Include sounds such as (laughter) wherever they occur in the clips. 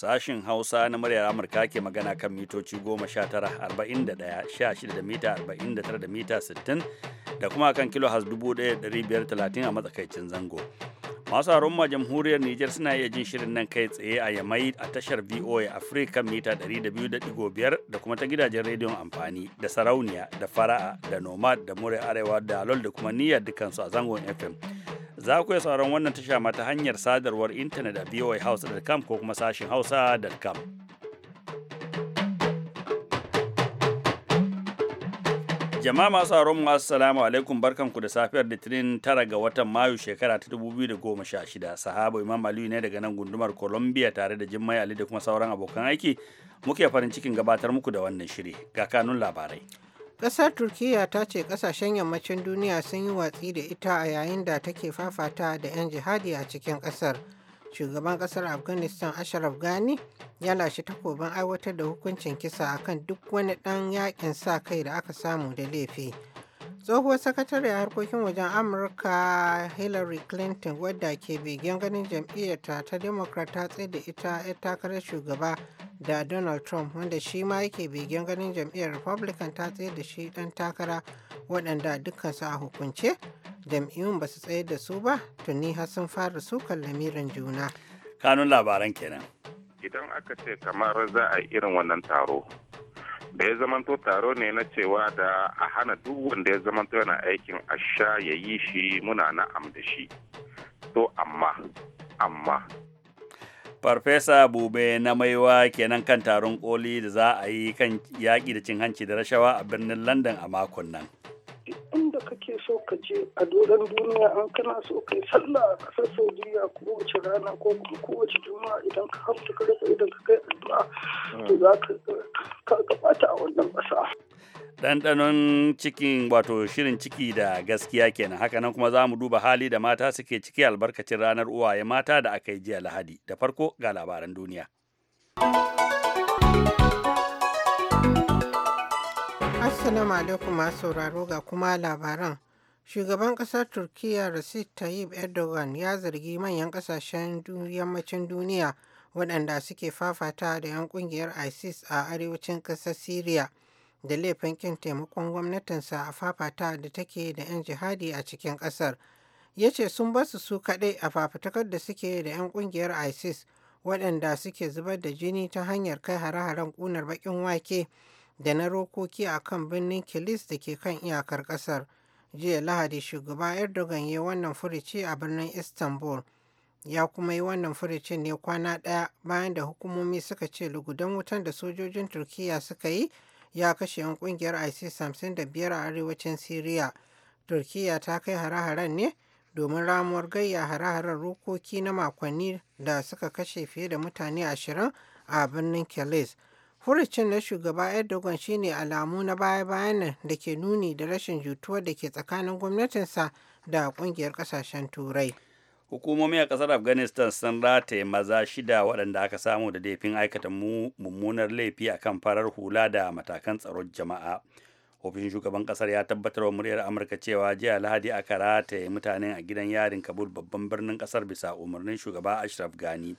Sashin Hausa na muryar Amurka ke magana kan mitoci 19-41-16 da mita 49 da mita 60 da kuma kan kilo has 1530 a matsakaicin zango. Masu harumma jamhuriyar Niger suna iya jin shirin nan kai tsaye a Yamai a tashar VOA Africa mita 200.5 da kuma ta gidajen rediyon amfani da sarauniya da fara'a da nomad da murai arewa da alol da kuma niyyar dukansu a zangon FM. za ku iya sauran wannan tasha ma ta hanyar sadarwar intanet a voahouse.com ko kuma sashin hausa.com. Jama'a masu sauraron mu assalamu alaikum barkanku da safiyar Litinin tara ga watan Mayu shekara ta 2016. Sahabo Imam Aliyu ne daga nan gundumar Columbia tare da Jimmai Ali da kuma sauran abokan aiki muke farin cikin gabatar muku da wannan shiri. Ga kanun labarai. Ƙasar Turkiyya ta ce ƙasashen yammacin duniya sun yi watsi da ita a yayin da take fafata da 'yan jihadi a cikin ƙasar. Shugaban ƙasar Afghanistan Ashraf Ghani ya lashe takobin aiwatar da hukuncin kisa akan duk wani ɗan yaƙin sa kai da aka samu da laifi. Tsohuwar a harkokin wajen Amurka Hillary Clinton wadda ke begen ganin jam'iyyarta ta Democrat ta tsaye da ita 'yar takarar shugaba da Donald Trump wanda shi ma yake begen ganin jam'iyyar Republican ta tsaye da shi dan takara waɗanda dukkansu a hukunce jam'iyyun ba su tsaye da su ba tuni har sun fara sukan lamirin juna. Kanun labaran kenan. Idan aka ce kamar za a irin wannan taro da ya zamanto taro ne na cewa da a hana duk wanda ya zamanto yana aikin a sha ya yi shi muna na'am da shi to amma amma Farfesa Bube na maiwa kenan kan taron koli da za a yi kan yaƙi da cin hanci da rashawa a birnin London a makon nan. kake so ka je a doron duniya an kana so ka yi sallah a ƙasar saudiya kowace rana ko kuma kowace juma'a idan ka hamta ka rasa idan ka kai addu'a to za ka gabata a wannan ƙasa. ɗanɗanon cikin wato shirin ciki da gaskiya kenan haka nan kuma za mu duba hali da mata suke ciki albarkacin ranar uwaye mata da aka yi jiya lahadi da farko ga labaran duniya. Assalamu alaikum masu sauraro ga kuma labaran. Shugaban ƙasar Turkiyya Recep Tayyip Erdogan ya zargi manyan ƙasashen yammacin duniya waɗanda suke fafata da 'yan ƙungiyar ISIS a arewacin ƙasar Siriya da laifin kin taimakon gwamnatinsa a fafata da take da 'yan jihadi a cikin ƙasar. Ya ce sun basu su kaɗai a fafatakar da suke da 'yan ƙungiyar ISIS waɗanda suke zubar da jini ta hanyar kai hare-haren ƙunar baƙin wake da na rokoki a kan birnin Kilis da ke kan iyakar ƙasar. Jiya Lahadi shugaba Erdogan ya wannan furici a birnin Istanbul. Ya kuma yi wannan furuci ne kwana daya bayan da hukumomi suka ce lugudan wutan da sojojin Turkiyya suka yi ya kashe 'yan kungiyar ISIS biyar a arewacin Siriya. Turkiyya ta kai hare-haren ne domin ramuwar gayya hare-haren rokoki na makonni da suka kashe fiye da mutane ashirin a birnin Kilis. Furucin na shugaba Erdogan shine alamu na baya-bayan da ke nuni da rashin jutuwar da ke tsakanin gwamnatinsa da kungiyar kasashen Turai. Hukumomi a ƙasar Afghanistan sun rataye maza shida waɗanda aka samu da laifin aikata mummunar laifi a kan farar hula da matakan tsaron jama'a. Ofishin shugaban ƙasar ya tabbatar wa muryar Amurka cewa jiya Lahadi aka rataye mutanen a gidan yarin Kabul babban birnin ƙasar bisa umarnin shugaba Ashraf Ghani.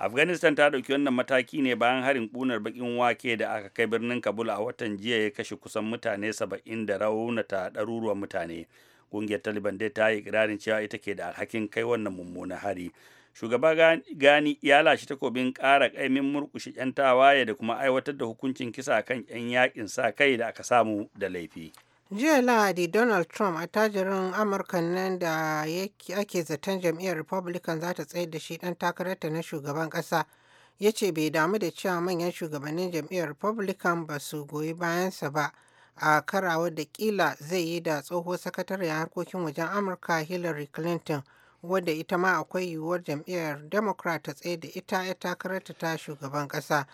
afghanistan ta ɗauki wannan mataki ne bayan harin ƙunar bakin wake da aka kai birnin kabul a watan jiya ya kashe kusan mutane saba'in da raunata ɗaruruwan mutane ƙungiyar taliban dai ta yi ikirarin cewa ita ke da alhakin kai wannan mummunan hari shugaba gani ya lashe takobin kara ƙaimin murƙushe 'yan tawaye da kuma aiwatar da hukuncin kisa kan 'yan yakin sa kai da aka samu da laifi Jiya Lahadi, Donald Trump, attajirin Amurka nan da ake zaton jam'iyyar Republican za ta tsayar da shi ɗan takararta na shugaban kasa ya ce bai damu da cewa manyan shugabannin jam'iyyar Republican ba su goyi bayansa ba a karawa da ƙila zai yi da tsohuwar sakatariyar harkokin wajen Amurka Hillary Clinton, wadda ita ma akwai yiwuwar jam'iyyar Democrat ta tsaye da ita ya takararta ta shugaban kasa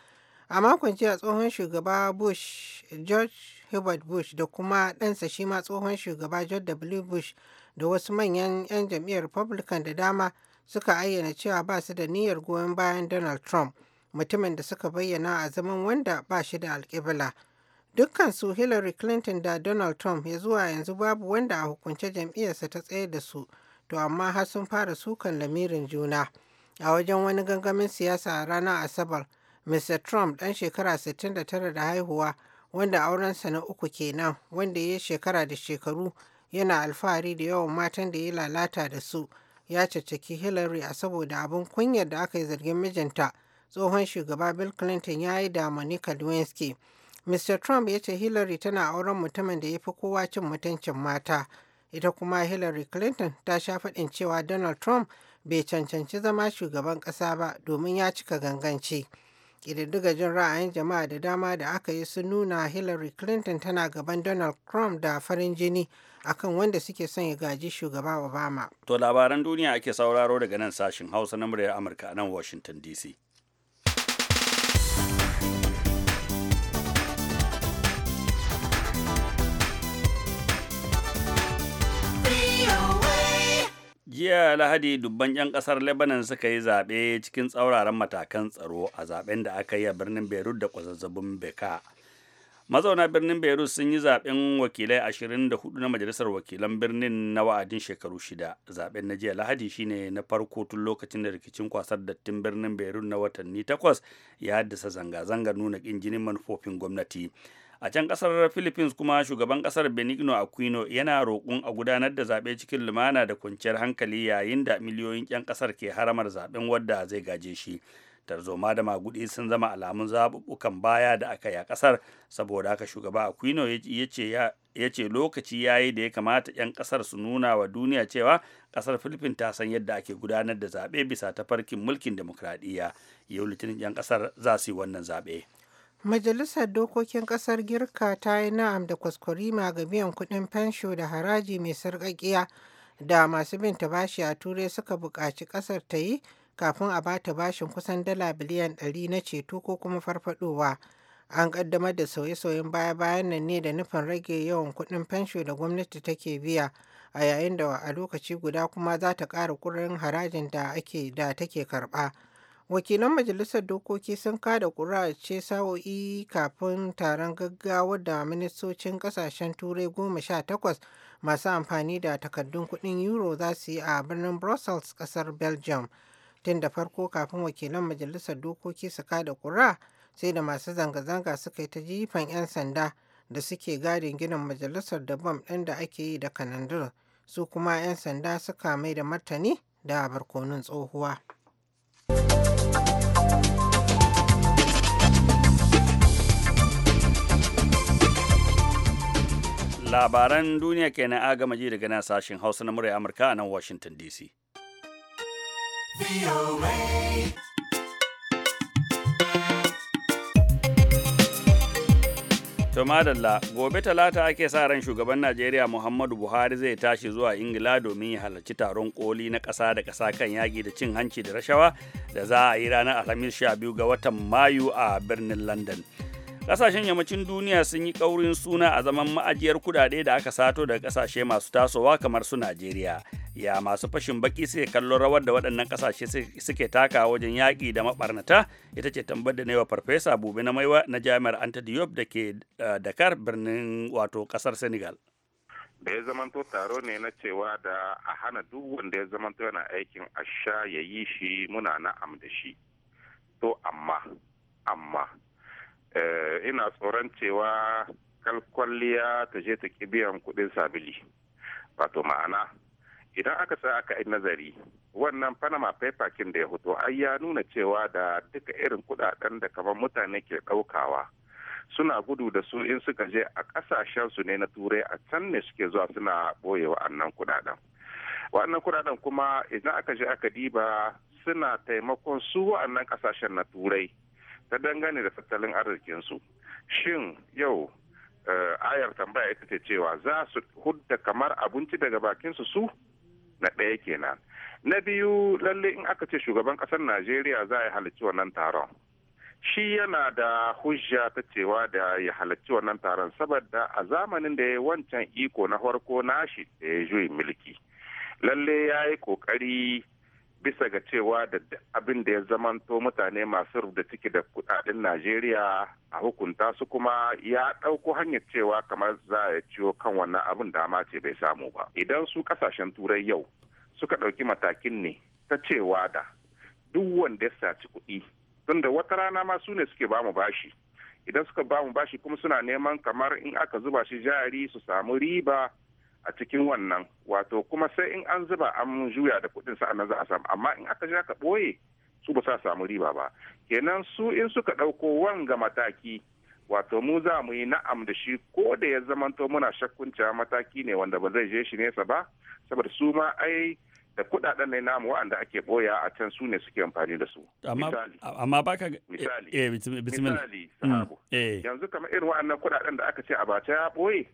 A makon jiya tsohon shugaba Bush, George Hubert Bush da kuma ɗansa shi ma tsohon shugaba George W. Bush da wasu manyan 'yan jam'iyyar Republican da dama suka ayyana cewa ba su da niyyar goyon bayan Donald Trump, mutumin da suka bayyana a zaman wanda ba shi da alƙibla. Dukkansu Hillary Clinton da Donald Trump ya zuwa yanzu babu wanda a hukunce jam'iyyarsa ta tsaye da su, to amma har sun fara sukan lamirin juna. A wajen wani gangamin siyasa a ranar Asabar, Mr. Trump ɗan shekara 69 da haihuwa wanda aurensa na uku kenan wanda ya shekara da shekaru yana alfahari da yawan matan da ya lalata da su ya caccaki hillary a saboda abin kunyar da aka yi zargin mijinta tsohon shugaba bill clinton ya yi da monica lewinsky mr trump ya ce hillary tana auren mutumin da ya fi kowa cin mutuncin mata ita kuma hillary clinton ta sha faɗin cewa donald trump bai cancanci zama shugaban ƙasa ba domin ya cika ganganci. kididdiga jin ra'ayin jama'a da dama da aka yi sun nuna hillary clinton tana gaban donald trump da farin jini akan wanda suke son ya gaji shugaba obama to labaran duniya ake sauraro daga nan sashin hausa na muryar amurka a nan washington dc jiya lahadi dubban 'yan kasar lebanon suka yi zaɓe cikin tsauraran matakan tsaro a zaɓen da aka yi a birnin beirut da kwazazzabin beka mazauna birnin beirut sun yi zaɓen wakilai ashirin da hudu na majalisar wakilan birnin na wa'adin shekaru shida zaɓen na jiya lahadi shine na farko tun lokacin da rikicin kwasar dattin birnin beirut na watanni takwas ya haddasa zanga-zanga nuna ƙin jinin manufofin gwamnati a can kasar philippines kuma shugaban kasar benigno aquino yana roƙon a gudanar da zaɓe cikin lumana da kwanciyar hankali yayin da miliyoyin 'yan kasar ke haramar zaɓen wadda zai gaje shi tarzoma da magudi sun zama alamun zaɓuɓɓukan baya da aka yi a ƙasar saboda haka shugaba aquino ya ce lokaci ya yi da ya kamata 'yan ƙasar su nuna wa duniya cewa ƙasar filifin ta san yadda ake gudanar da zaɓe bisa tafarkin mulkin demokradiyya yau litinin 'yan ƙasar za su yi wannan zaɓe Majalisar Dokokin Ƙasar Girka ta yi na'am da kwaskwarima ga biyan kuɗin fensho da haraji mai sarƙaƙiya da masu bin ta bashi a Turai suka buƙaci ƙasar ta yi kafin a bata bashin kusan dala biliyan ɗari na ceto ko kuma farfadowa. An ƙaddamar da sauye-sauyen baya-bayan nan ne da nufin rage yawan kuɗin fensho da gwamnati take biya a yayin da a lokaci guda kuma za ta ƙara kuɗin harajin da take karɓa. wakilan majalisar dokoki sun kada ƙuri'a ce sa'o'i kafin taron gaggawa da ministocin kasashen turai goma sha takwas masu amfani da takardun kudin euro za su yi a birnin brussels kasar belgium tun da farko kafin wakilan majalisar dokoki su kada kura sai da masu zanga-zanga suka yi ta jifan 'yan sanda da suke gadin ginin majalisar da bam ɗin da ake yi da kanandir su kuma 'yan sanda suka mai da martani da barkonun tsohuwa. labaran duniya kenan a gama ji daga nan sashen hausa na murya amurka a nan washington dc To gobe talata ake sa ran shugaban Najeriya Muhammadu Buhari zai tashi zuwa Ingila domin ya halarci taron koli na ƙasa da ƙasa kan yaƙi da cin hanci da rashawa da za a yi ranar Alhamis 12 ga watan Mayu a birnin London. Kasashen yammacin duniya sun yi ƙaurin suna a zaman ma'ajiyar kudade da aka sato daga kasashe masu tasowa kamar su Najeriya. Ya masu fashin baki suke kallon rawar da waɗannan kasashe suke taka wajen yaƙi da maɓarnata ita ce tambar da na wa Farfesa Bube na Maiwa na Jami'ar Anta da ke eh, Dakar birnin wato ƙasar Senegal. da ya zamanto taro ne na cewa da a hana duk wanda ya zamanto yana aikin a sha ya yi shi muna na'am da shi to amma amma Eh, ina tsoron cewa kalkwalliya ta je ta ki biyan kuɗin sabili wato ma'ana idan aka sa aka yi nazari wannan panama paper da ya hoto ai ya nuna cewa da duka irin kudaden da kamar mutane ke ƙaukawa suna gudu da su in suka je a kasashen su ne na turai a can ne suke zuwa suna ɓoye wa'annan kuɗaɗen wa'annan kudaden kuma idan aka je aka diba suna taimakon su wa'annan kasashen na turai ta dangane da tattalin arzikinsu shin yau eh, ayar tambaya ita ce cewa za su hudda kamar abinci daga bakinsu su na ɗaya kenan na biyu lalle in aka ce shugaban ƙasar najeriya za a yi halarci wannan taron shi yana da hujja ta cewa da ya halarci wannan taron saboda a zamanin da ya wancan iko na farko nashi da ya juyi mulki lalle ya yi ƙoƙari bisa ga cewa da abin da ya zamanto mutane masu rubda ciki da kudaden Najeriya a hukunta su kuma ya ɗauko hanyar cewa kamar za a ciwo kan wannan abin dama ce bai samu ba. Idan su kasashen turai yau suka ɗauki matakin ne ta cewa da duk wanda ya saci kuɗi tunda wata rana ma su ne suke bamu bashi idan suka bamu bashi kuma suna neman kamar in aka zuba shi jari su samu riba a cikin wannan wato kuma sai in an zuba an juya da kuɗin sa'annan za a samu amma in aka ja ka ɓoye su ba sa samu riba ba kenan su in suka ɗauko wanga mataki wato mu za mu yi na'am da shi ko da ya zamanto muna shakkun cewa mataki ne wanda ba zai je shi nesa ba saboda su ma ai da kudaden ne namu waɗanda ake boya a can su ne suke amfani da su. Amma baka misali misali yanzu kamar irin waɗannan kudaden da aka ce a bata ya boye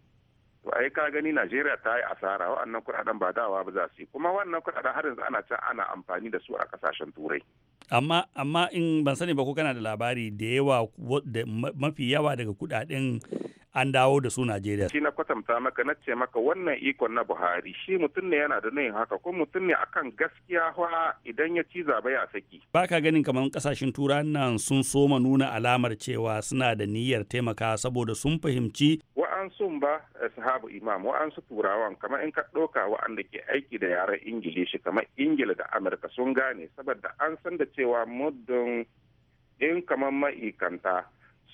to ai ka gani Najeriya ta yi asara wa'annan kuɗaɗen ba dawa ba za su yi kuma wannan kuɗaɗen har yanzu ana can ana amfani da su a kasashen turai amma amma in ban sani ba ko kana da labari da yawa da mafi yawa daga kudaden an dawo da su Najeriya. Shi na kwatanta maka na ce maka wannan ikon na Buhari shi mutum ne yana da nayin haka ko mutum ne akan gaskiya fa idan ya ci zabe ya saki. baka ganin kamar kasashen tura nan sun soma nuna alamar cewa suna da niyyar taimaka saboda sun fahimci wa'ansun ba eh, sahabu imam wa'ansu turawan kamar in ka ɗauka wa'anda ke aiki da yaren ingilishi kamar ingila da amurka sun gane saboda an san da cewa muddin in kamar ma'ikanta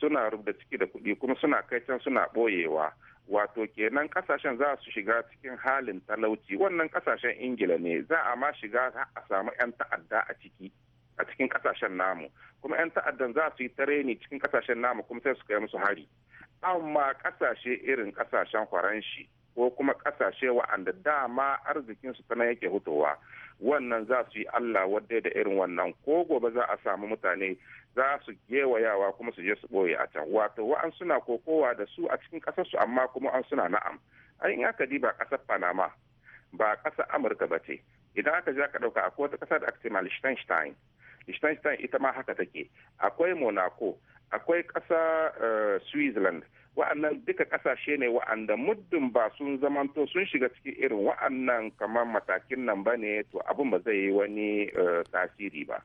suna rubuta ciki da kuɗi kuma suna kai can suna ɓoyewa wato kenan kasashen za su shiga cikin halin talauci wannan kasashen ingila ne za a ma shiga a samu 'yan ta'adda a ciki a cikin kasashen namu kuma 'yan ta'addan za su yi tareni cikin kasashen namu kuma sai su kai musu hari amma kasashe irin kasashen faranshi ko kuma kasashe wa'anda dama arzikinsu tana yake hutowa wannan za su yi allah wadda da irin wannan ko gobe za a samu mutane za su gewayawa kuma su je su ɓoye a can wato wa'an suna kokowa da su a cikin su amma kuma an suna na'am ai in aka ba kasar panama ba ƙasa amurka ba ce idan aka je aka ɗauka akwai wata ƙasa da aka ce ma liechtenstein liechtenstein ita ma haka take akwai monaco akwai ƙasa eh, switzerland wa'annan duka kasashe ne wa'anda muddin ba sun zamanto sun shiga cikin irin wa'annan kamar matakin nan ba ne to abin ba zai yi wani eh, tasiri ba.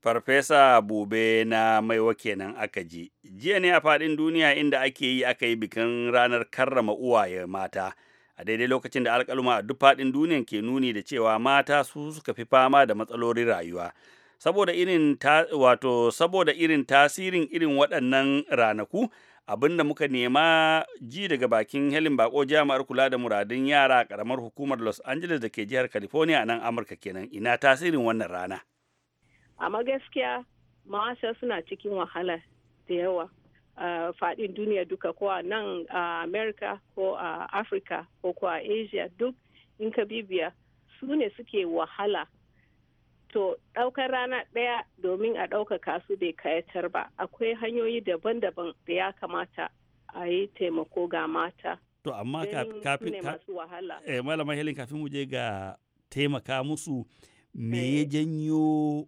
Farfesa Bube na maiwa kenan aka ji. Jiya ne a faɗin duniya inda ake yi aka yi bikin ranar karrama uwaye mata. A daidai lokacin da alƙaluma a duk faɗin duniyan ke nuni da cewa mata su suka fi fama da matsalolin rayuwa. Saboda irin wato saboda irin tasirin irin waɗannan ranaku abin da muka nema ji daga bakin helin bako jami'ar kula da muradun yara a karamar hukumar los angeles da ke jihar california a nan amurka kenan ina tasirin wannan rana amma gaskiya mawasa suna cikin wahala da yawa Uh, faɗin duniya duka ko a nan a uh, america ko a uh, africa ko ko a asia duk in ka bibiya su ne suke wahala to ɗaukar rana ɗaya domin a ɗaukaka su bai kayatar ba akwai hanyoyi daban-daban da ya kamata a yi taimako ga mata to amma kafin malama helin kafin mu je ga taimaka musu me eh. ya janyo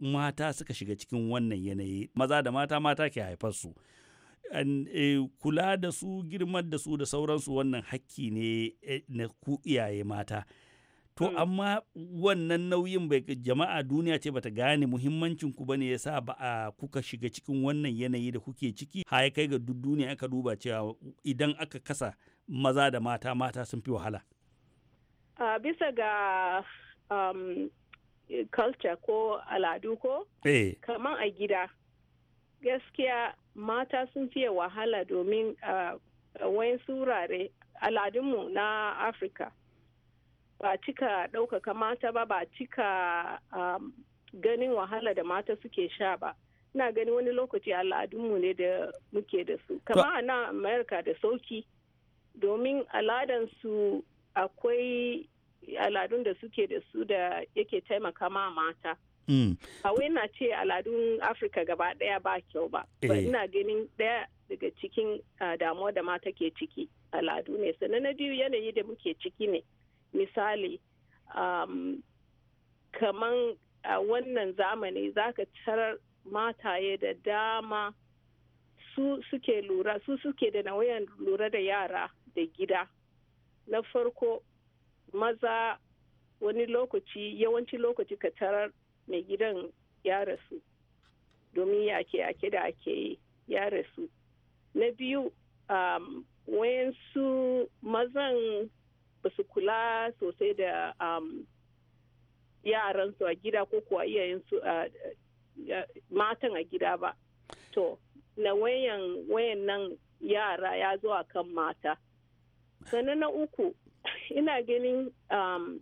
mata suka shiga cikin wannan yanayi maza da mata mata ke haifarsu. Eh, kula da su girmar da su da sauransu wannan hakki ne eh, na ku iyaye mata to mm. amma wannan nauyin bai jama'a duniya ce bata gane muhimmancin ku bane yasa ba a kuka shiga cikin wannan yanayi da kuke ciki ya kai ga duk duniya aka duba cewa idan aka kasa maza da mata mata sun fi wahala a bisa ga um, culture ko al'adu ko hey. Eh. kamar a gida gaskiya mata sun fiye wahala domin uh, wayan surare al'adunmu na afirka ba cika ɗaukaka mata ba ba cika um, ganin wahala da mata suke sha ba ina gani wani lokaci al'adunmu ne da muke da su kama a nan amerika da sauki domin al'adansu akwai al'adun da suke da su da yake taimaka ma mata mm. a na ce al'adun afirka gaba daya ba kyau ba eh. ina ganin daya daga cikin uh, damuwa da mata ke ciki al'adu ne sannan na biyu yanayi da muke ciki ne misali um, kaman a uh, wannan zamani za ka tarar mataye da dama su suke lura su suke da nauyin lura da yara da gida na farko maza wani lokaci yawanci lokaci ka tarar mai gidan ya rasu domin yake yake da ake yi ya rasu na biyu um, wayansu mazan ba su kula sosai da um, yaransu a gida ko kuwa iyayensu uh, matan a gida ba to na wayan nan yara ya zo a kan mata sannan na uku (laughs) ina ganin um,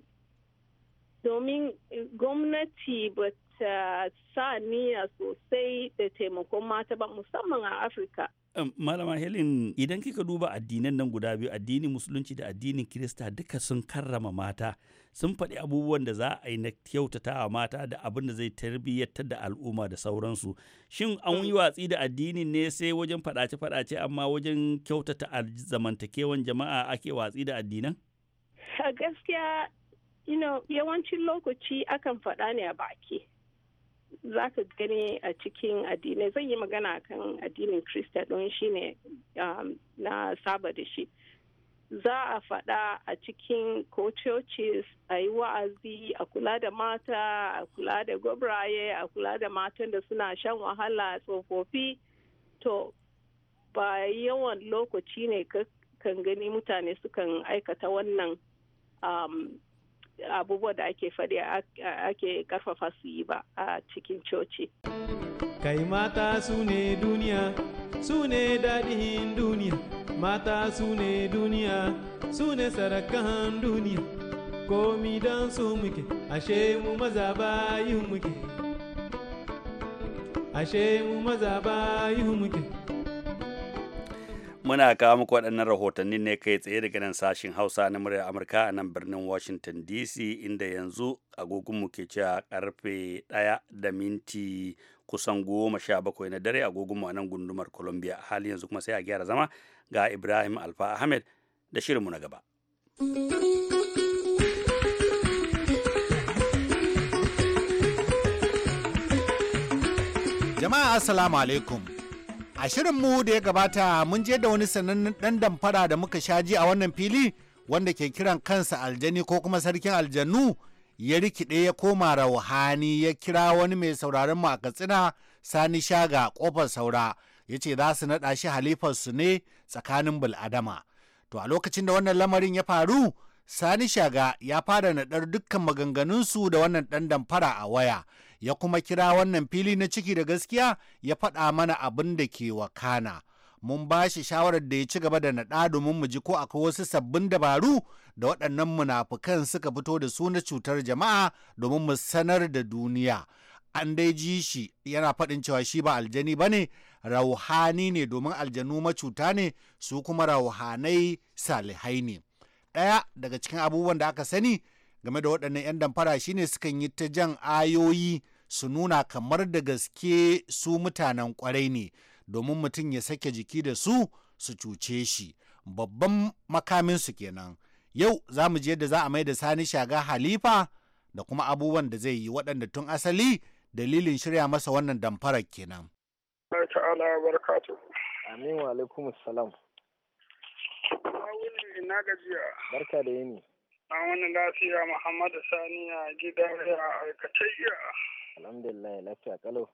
domin gwamnati ba ta sa niyya sosai da taimakon mata ba musamman a afirka malama helen idan kika duba addinan nan guda biyu addinin musulunci da addinin kirista duka sun karrama mata sun faɗi abubuwan da za a yi na kyautatawa mata da abin da zai tarbiyyatar da al'umma da sauransu shin an yi watsi da addinin ne sai wajen faɗace-faɗace amma wajen kyautata zamantakewan jama'a ake watsi da addinan a gaskiya yawancin lokaci akan faɗa ne a baki za ka gani a cikin addinai Zan yi magana kan addinin krista don shi ne um, na saba da shi za a faɗa a cikin ko churches a yi wa'azi a kula da mata a kula da gobraye a kula da matan da suna shan wahala tsofaffi to ba yawan lokaci ne kan gani mutane sukan aikata wannan um, abubuwan da ake faɗi ake karfafa su yi ba a cikin coci. Kai mata su ne duniya, su ne daɗin duniya, mata su ne duniya, su ne sarakan duniya, komi don su muke, ashe mu maza bayin muke. Ashe mu maza muke. Muna kawo muku waɗannan rahotanni ne kai tsaye daga nan sashin Hausa na muryar Amurka a nan birnin Washington DC inda yanzu agogunmu ke cewa karfe ɗaya da minti kusan goma sha bakwai na dare agogunmu a nan gundumar Columbia. Hali yanzu kuma sai a gyara zama ga Ibrahim Alfa Ahmed da shirinmu na gaba. Jama'a Assalamu alaikum. a shirin mu da ya gabata mun je da wani sanannen dan damfara da muka sha ji a wannan fili wanda ke kiran kansa aljani ko kuma sarkin aljannu ya rikide ya koma rauhani ya kira wani mai sauraron mu a katsina sani shaga kofar saura ya ce za su naɗa shi halifar su ne tsakanin bul'adama. to a lokacin da wannan lamarin ya faru sani shaga ya fara naɗar dukkan maganganunsu da wannan ɗan damfara a waya ya kuma kira wannan fili na ciki da gaskiya ya faɗa mana abin da ke wakana. Mun ba shi shawarar da ya ci gaba da naɗa domin mu ji ko akwai wasu sabbin dabaru da waɗannan munafukan suka fito da su na cutar jama'a domin mu sanar da duniya. An dai ji shi yana faɗin cewa shi ba aljani ba ne, rauhani ne domin aljanu macuta ne, su kuma rauhanai salihai ne. Ɗaya daga cikin abubuwan da aka sani game da waɗannan 'yan damfara shine sukan yi ta jan ayoyi su nuna kamar da gaske su mutanen kwarai ne domin mutum ya sake jiki da su su cuce shi babban makaminsu kenan yau za mu je da za a mai da sani shaga halifa da kuma abubuwan da zai yi waɗanda tun asali dalilin shirya masa wannan damfarar kenan. Amin wa alaikum salam. ina gajiya. Barka da yini. An wani lafiya Muhammadu Saniya gida ya aikatai Alhamdulillah lafiya kalau.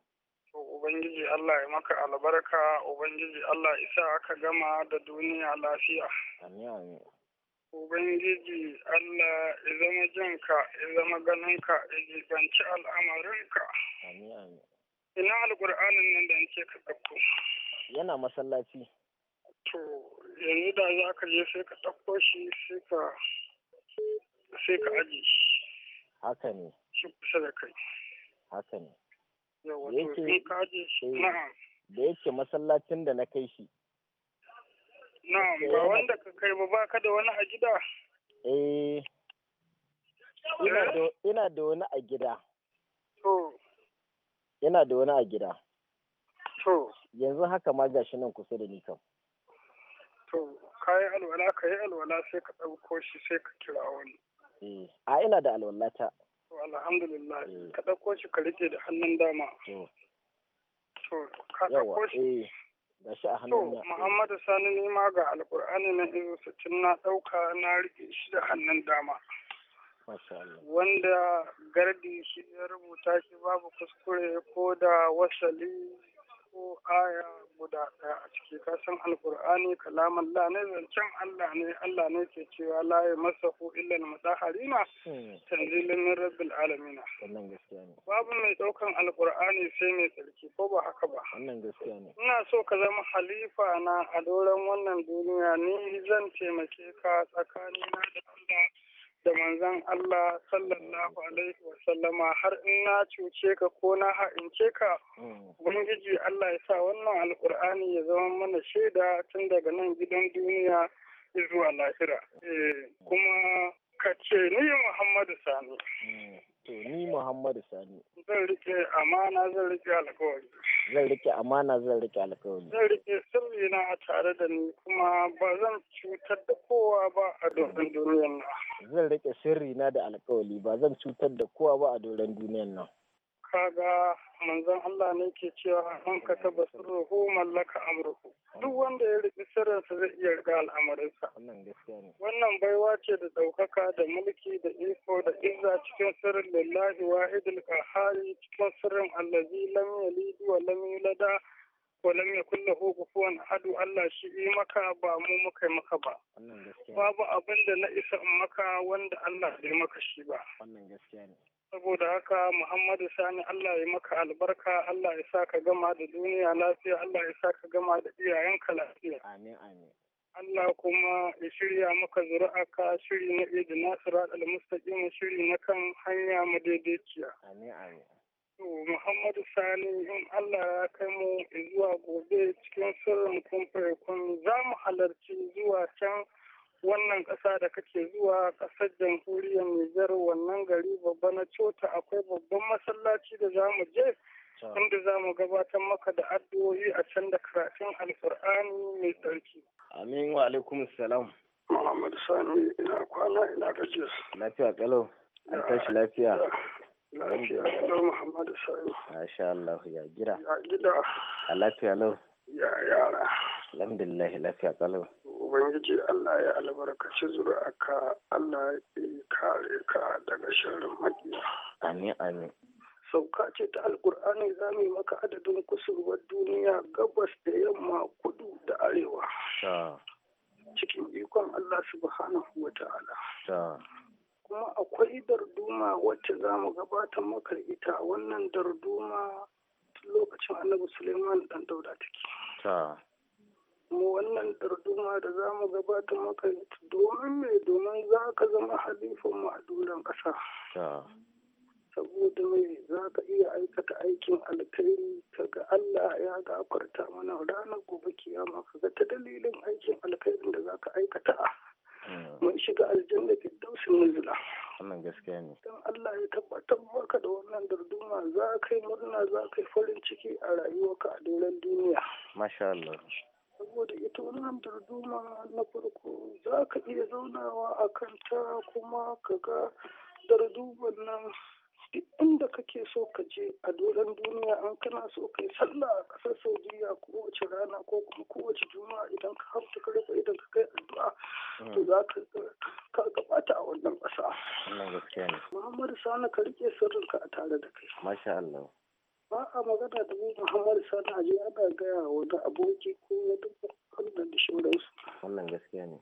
To Ubangiji Allah ya maka albarka, Ubangiji Allah isa aka gama da duniya lafiya. Amin amin. Ubangiji Allah ya zama jinka, ya zama ganinka, ya jibanci al'amarinka. Amin amin. Ina alƙur'anin nan da nke ka ɗauko. Yana masallaci. To yanzu da za ka je sai ka ɗauko shi sai ka sai ka aji. Haka ne. Shi kusa da kai. haka ne eh, da yake masallacin da na kai shi na'am ba wanda ka kai ba ba ka da wani a gida eh ina da wani a gida to yana da wani a gida to yanzu haka ma gashi nan kusa da ni kam to ka yi alwala ka yi alwala sai ka ɗauko shi sai ka kira wani eh, a ina da alwala ta alhamdulillah eh. ka ɗauko shi ka rike da hannun dama to ka ɗauko shi da eh, shi a hannun to eh. muhammadu sani ni ma ga alƙur'ani na izo sittin na ɗauka na rike shi da hannun dama wanda gardi shi ya rubuta shi babu kuskure ko da wasali Ko aya guda ɗaya a ciki kasan alkur'ani kalaman la ne zancen Allah ne Allah ne ke cewa la ya masahu illal mutahharina hmm. tanzilin rabbil alamina babu mai ɗaukan alkur'ani sai mai tsarki ko ba haka ba ina so ka zama halifa na a doron wannan duniya ni zan taimake ka tsakanina da Allah da manzon Allah sallallahu alaihi wa sallama har in na cuce ka ko na ha'ince ka hmm. ubangiji Allah ya sa wannan alkur'ani ya zama mana shaida tun daga nan gidan duniya zuwa lahira eh, kuma Ka ce ni Muhammadu Sani. Hmm, to ni Muhammadu Sani. Zan rike amana zan rike alkawari. Zan rike amana zan rike alkawari. Zan rike sirri na a tare da ni kuma ba zan cutar da kowa ba a doron duniyar nan. Zan rike sirri na da alkawari ba zan cutar da kowa ba a doron duniyar nan. kaga manzon Allah ne ke cewa an ka taba ruhu mallaka amruhu duk wanda ya riƙi sirrinsa zai iya riga al'amarinsa wannan baiwa ce da ɗaukaka da mulki da iko da izza cikin sirrin lillahi wahidul qahari cikin sirrin allazi lam yalid wa lam lada wa lam yakul lahu kufuwan ahad Allah shi yi maka ba mu muka yi maka ba babu abin da na isa in maka wanda Allah bai maka shi ba wannan gaskiya ne saboda haka muhammadu sani allah ya maka albarka allah ya sa ka gama da duniya lafiya allah ya sa ka gama da iyayenka lafiya amin amin Allah kuma ya shirya maka zuri'aka shiri na idi nasirat al-mustaqim shiri na kan hanya madaidaiciya amin amin to Muhammadu Sani in Allah ya kai mu zuwa gobe cikin sirrin kun kun za mu halarci zuwa can wannan ƙasa da kake zuwa ƙasar jamhuriyar Nijar wannan gari babba na cota akwai babban masallaci da za mu je inda za mu gabatar maka da addu'o'i a can da karatun alkur'ani mai tsarki. Amin wa alaikum salam. Muhammad Sani ina kwana ina kake. Lafiya kalau. An tashi lafiya. Lafiya kalau Muhammad Sani. Masha Allah ya gida. Ya gida. A lafiya lau. ya yara alhamdulillah lafiya kalau ubangiji allah ya albarkaci aka allah ya kare ka daga shirin maƙiya amin amin sauka ce ta alkur'ani za mu yi maka adadin kusurwar duniya gabas da yamma kudu da arewa cikin ikon allah subhanahu wa ta'ala kuma akwai darduma wacce za mu gabatar maka ita wannan darduma lokacin annabi suleiman dan dauda take mu wannan darduma da za mu gabata maka domin me domin za ka zama halifan mu a ƙasa saboda mai za ka iya aikata aikin alkhairi ga Allah ya gafarta mana ranar gobe kiyama ga ta dalilin aikin alkhairin da za ka aikata Hmm. mun shiga aljanna fi dausin nuzula wannan gaskiya ne dan Allah ya tabbatar maka da wannan darduma za ka yi murna za ka yi farin ciki a rayuwarka a doron duniya masha Allah saboda ita wannan darduma na farko za ka iya zaunawa a kanta kuma ka ga darduman nan duk inda kake so ka je a doron duniya an kana so ka yi sallah a ƙasar saudiya kowace rana ko kuma kowace juma'a idan ka hafta ka rufe idan ka kai za ka gabata a wannan ƙasa. ne. Muhammadu Sani ka rike sirrinka a tare da kai. Masha Allah. Ba a magana da mu Muhammadu Sani a je ana gaya wani aboki ko wani da shauransu. Wannan gaskiya ne.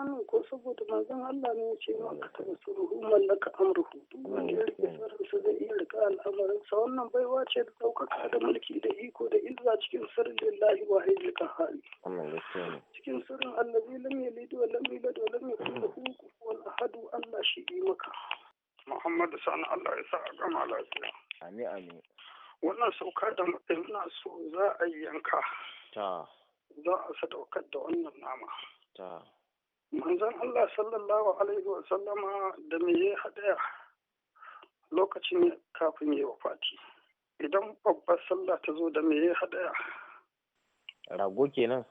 Qur'anin ko saboda manzon Allah ne ya ce ma ka taɓa suruhu mallaka amruhu duk wanda ya rike sarrinsa mm, mm. zai iya rika al'amarinsa wannan baiwa ce da ɗaukaka da mulki da iko da illa cikin sirrin lillahi wa ka hali cikin sirrin allazi lam yalid wa lam yulad wa lam yakul mm. lahu kufuwan ahad Allah shi yi maka Muhammad sani Allah ya sa a gama lafiya amin amin wannan sauka da ina so za a yi yanka za a sadaukar da wannan nama manzon Allah sallallahu alaihi sallama da me ya haɗaya lokacin kafin yi wafati idan babbar sallah ta zo da me ya haɗaya rago kenan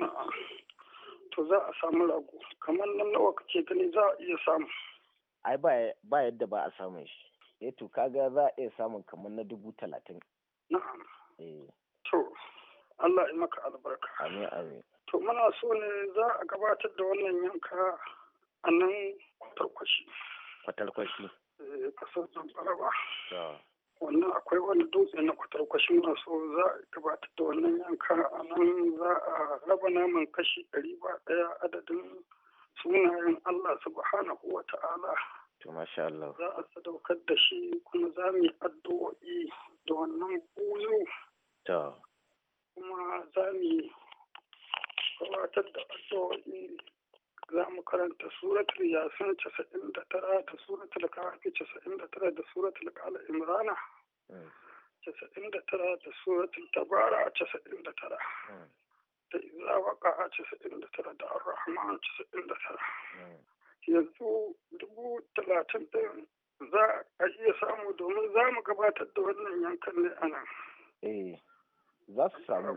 na'am to za a samu rago kamar nan nawa kake gani za a iya samu ai ba yadda ba a samun shi eh to kaga za a iya samun kamar na dubu talatin na'am eh to Allah ya maka albarka amin amin To muna so ne za a gabatar da wannan yanka a nan kwatarkwashi. Kwatarkwashi. Kasar eh, Zamfara ba. Wannan akwai wani dutse na kwatarkwashi muna so za a gabatar da wannan yanka a nan za a raba naman kashi ɗari ba ɗaya adadin sunayen Allah subhanahu wa ta'ala. To masha Allah. Za a sadaukar da shi kuma za mu yi addu'o'i da wannan buzu. To. Kuma za mu yi gabatar da addu'o'i za mu karanta suratul yasin 99 da tara da suratul kafi 99 da tara da suratul kala imrana 99 da tara da suratul tabara 99 da tara da iza waka casa'in da tara da arrahman 99 da tara yanzu dubu talatin ɗin za a iya samu domin za mu gabatar da wannan yankan ne a nan. Eh, za su samu.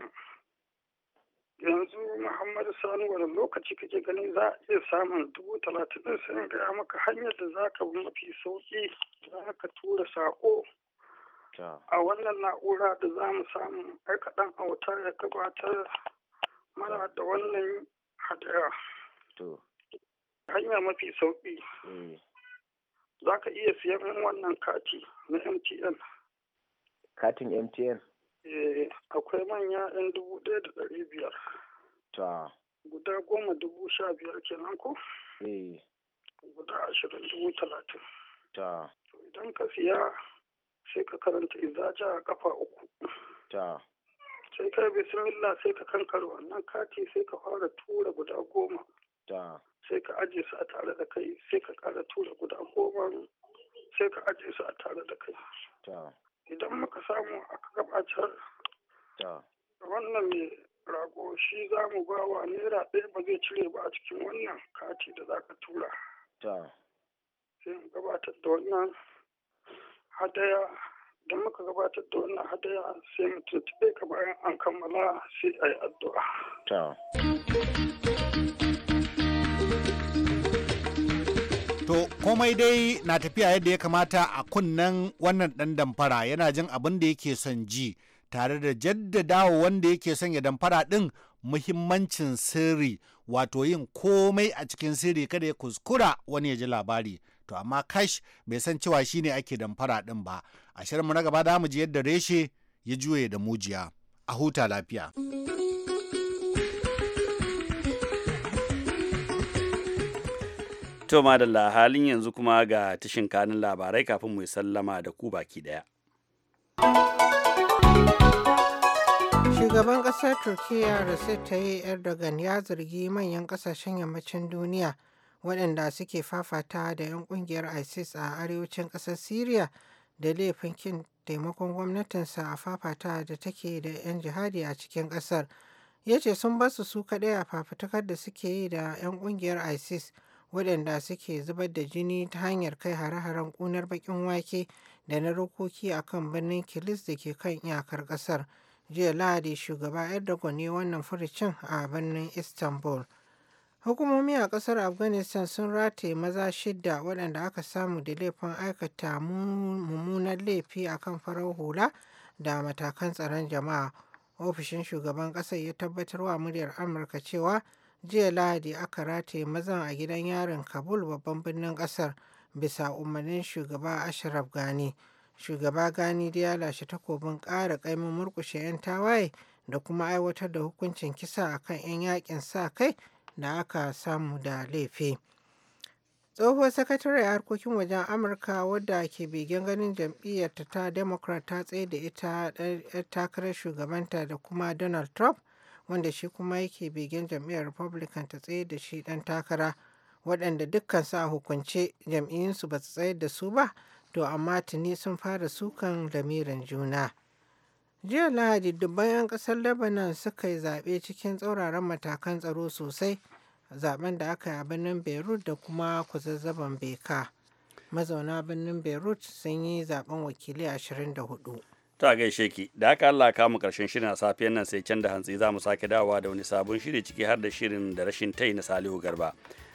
yanzu muhammadu sani wani lokaci kake ganin za a iya samun dubu talatin ɗin sai gaya maka hanyar da za ka mafi sauƙi za ka tura sako a wannan na'ura da za mu samu ai a auta ya gabatar mana da wannan hadaya hanya mafi sauƙi eh. za ka iya siyan wannan kati na mtn katin mtn Eh, akwai manya yan dubu ɗaya da ɗari biyar. Ta. Guda goma dubu sha biyar kenan ko? Eh. Guda ashirin dubu talatin. Ta. Idan ka siya sai ka karanta izaja a kafa uku. Ta. Sai ka bismillah sai ka kankar wannan kati sai ka fara tura guda goma. Ta. Sai ka aje su a tare da kai sai ka ƙara tura guda goma sai ka aje su a tare da kai. Ta. idan muka samu aka gabatar wannan ne rago shi za mu ba wa naira ɗaya ba zai cire ba a cikin wannan kati da za ka tura sai mu gabatar da wannan hadaya idan muka gabatar da wannan hadaya sai mu tuntuɓe ka bayan an kammala sai a yi addu'a. komai dai na tafiya yadda ya kamata a kunnen wannan dan damfara yana jin abin da yake son ji tare da jaddadawa wanda yake son ya damfara din muhimmancin sirri wato yin komai a cikin sirri kada ya kuskura wani ya ji labari to amma kash bai san cewa shine ake damfara din ba a mu na gaba da mu ji yadda reshe ya juye da mujiya a huta lafiya. To madalla halin yanzu kuma ga tashin kanin labarai kafin mu sallama da ku baki daya. Shugaban ƙasar Turkiyya Recep Tayyip Erdogan ya zargi manyan kasashen yammacin duniya waɗanda suke fafata da 'yan ƙungiyar ISIS a arewacin ƙasar syria da laifin kin taimakon gwamnatinsa a fafata da take da 'yan jihadi a cikin ƙasar. Ya ce sun basu su kaɗai a fafutukar da suke yi da 'yan ƙungiyar ISIS. waɗanda suke zubar da jini ta hanyar kai hare-haren ƙunar baƙin wake da na rokoki a kan birnin Kilis da ke kan iyakar ƙasar. Jiya Lahadi shugaba Erdogan ne wannan furucin a birnin Istanbul. Hukumomi a ƙasar Afghanistan sun rate maza shidda waɗanda aka samu da laifin aikata mummunan laifi a kan farar hula da matakan tsaron jama'a. Ofishin shugaban ƙasar ya tabbatar wa muryar Amurka cewa jiya lahadi aka rataye mazan a gidan yarin kabul babban birnin kasar bisa umarnin shugaba ashraf gani shugaba gani da ya lashe takobin kara kaimin murkushe 'yan tawaye da kuma aiwatar da hukuncin kisa a kan 'yan yakin sa kai da aka samu da laifi tsohuwar sakatare harkokin wajen amurka wadda ke begen ganin jam'iyyar ta democrat ta tsaye da ita takarar shugabanta da kuma donald trump wanda shi kuma yake begen jam'iyyar republican ta tsaye da shi dan takara waɗanda dukkan sa hukunce jam'iyyunsu ba su tsayar da su ba to amma tuni sun fara sukan lamirin juna jiya lahadi dubban 'yan ƙasar lebanon suka yi zaɓe cikin tsauraran matakan tsaro sosai zaben da aka yi a birnin beirut da kuma kuzazzaban beka mazauna birnin beirut sun yi zaben wakilai 24 ta gaishe ki da haka Allah ka mu karshen shirin a safiyan nan sai can da hantsi za mu sake dawowa da wani sabon shiri ciki har da shirin da rashin tai na Salihu Garba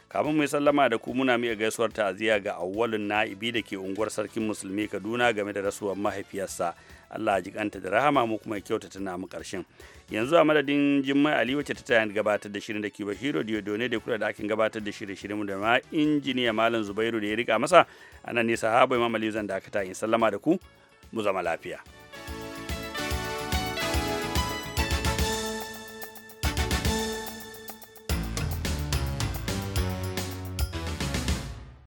kafin mu sallama da ku muna miƙa gaisuwar ta'aziyya ga awwalun na'ibi da ke unguwar sarkin musulmi Kaduna game da rasuwar mahaifiyarsa Allah ji kanta da rahama mu kuma kyauta tana mu karshen yanzu a madadin Jimmai Ali wacce ta tayar gabatar da shirin da ke Bashiro ne da kula da akin gabatar da shirin mu da ma injiniya Malam Zubairu da ya rika masa anan ne sahabo Imam Ali zan dakata in sallama da ku mu zama lafiya